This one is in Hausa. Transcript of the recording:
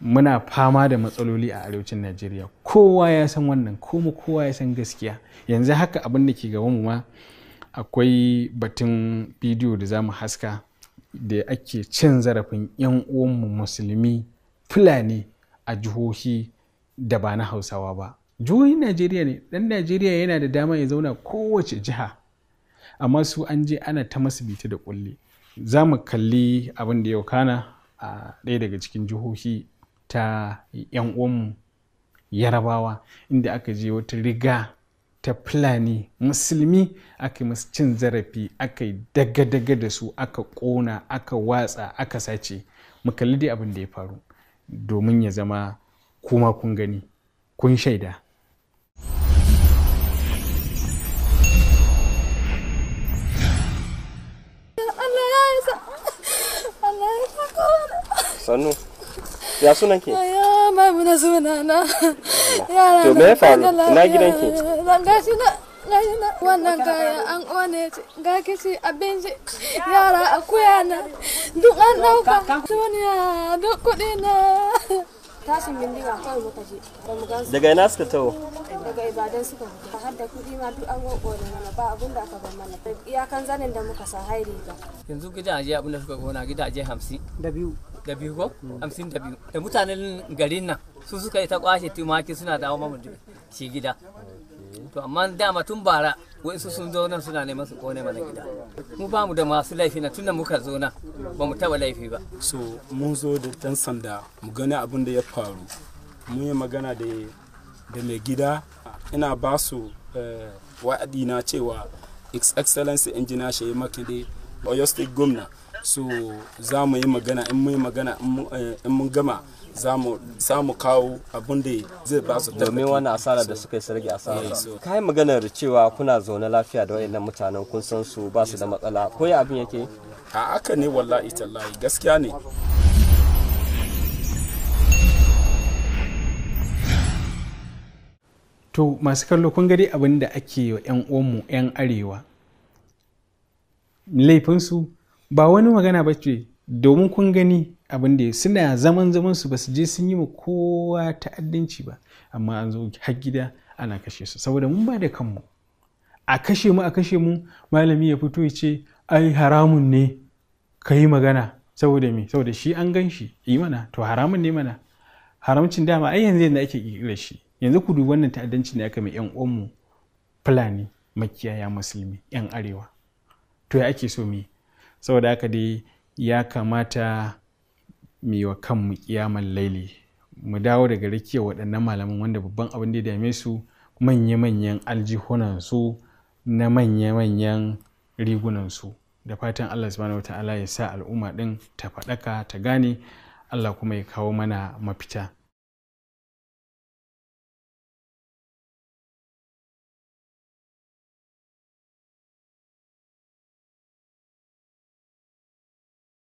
muna fama da matsaloli a arewacin najeriya kowa ya san wannan kuma kowa ya san gaskiya yanzu haka abin da ke gaban mu ma akwai batun bidiyo da za mu haska da ake cin zarafin 'yan uwanmu musulmi fulani a jihohi da ba na hausawa ba jihohin najeriya ne dan najeriya yana da dama ya zauna kowace jiha amma su an je ana ta masu bita da kulle za mu kalli abin da yau kana a ɗaya daga cikin jihohi ta 'yan uwanmu yarabawa inda aka je wata riga ta fulani musulmi aka yi musu cin zarafi aka yi daga-daga da su aka ƙona aka watsa aka sace mu kalli dai abin da ya faru domin ya zama kuma kun gani kun shaida Sanu. ya sunan ki ya maimuna suna na yara to me ya faru na gidan ki gashi na gashi na wannan kaya an one ga kici abinci yara akuya na duk an dauka duniya duk kudi na tashin bindiga kawai muka je ba mu daga ina suka tawo daga ibadan suka fita har da kuɗi ma duk an kokore mana ba abin da aka bar mana iyakan zanin da muka sa haire ba yanzu gidaje abin da suka gona gidaje 50 da biyu da biyu ko hamsin da biyu da mutanen garin nan su suka yi ta kwashe tumaki suna dawo mamu da shi gida to amma dama tun bara wa'insu sun zo nan suna neman su kone mana gida mu ba mu da masu laifi na tunda muka zo nan ba mu taba laifi ba so mun zo da dan sanda mu gani abin da ya faru mun yi magana da da mai gida ina ba su eh, wa'adi na cewa excellency engineer shayi makinde oyo state gwamna so za mu yi magana in mun magana eh, in mun gama za mu kawo abin da zai ba su domin wani asara da suka yi sarge asara eh, ka yi maganar cewa kuna zaune lafiya da wayannan mutanen kun san su ba su da matsala ko ya abin yake a aka ne wallahi tallahi gaskiya ne to masu kallo kun gari abin da ake wa 'yan uwanmu 'yan arewa laifinsu ba wani magana ba ce domin kun gani abin da suna zaman zaman su ba su je sun yi ma kowa ta'addanci ba amma an zo har gida ana kashe su saboda mun ba da kanmu a kashe mu a kashe mu malami ya fito ya ce ai haramun ne ka yi magana saboda me saboda shi an gan shi yi mana to haramun ne mana haramcin dama ai yanzu yadda ake kirkirar shi yanzu ku dubi wannan ta'addanci da aka mai yan uwanmu fulani makiyaya musulmi yan arewa to ya ake so me saboda haka dai ya kamata mu wa kanmu kiyamar laili mu dawo daga rakiya waɗannan malaman wanda babban abin da ya dame su manya-manyan aljihunansu na manya-manyan rigunansu da fatan allah subhanahu wata'ala ya sa al'umma ɗin ta faɗaka ta gane allah kuma ya kawo mana mafita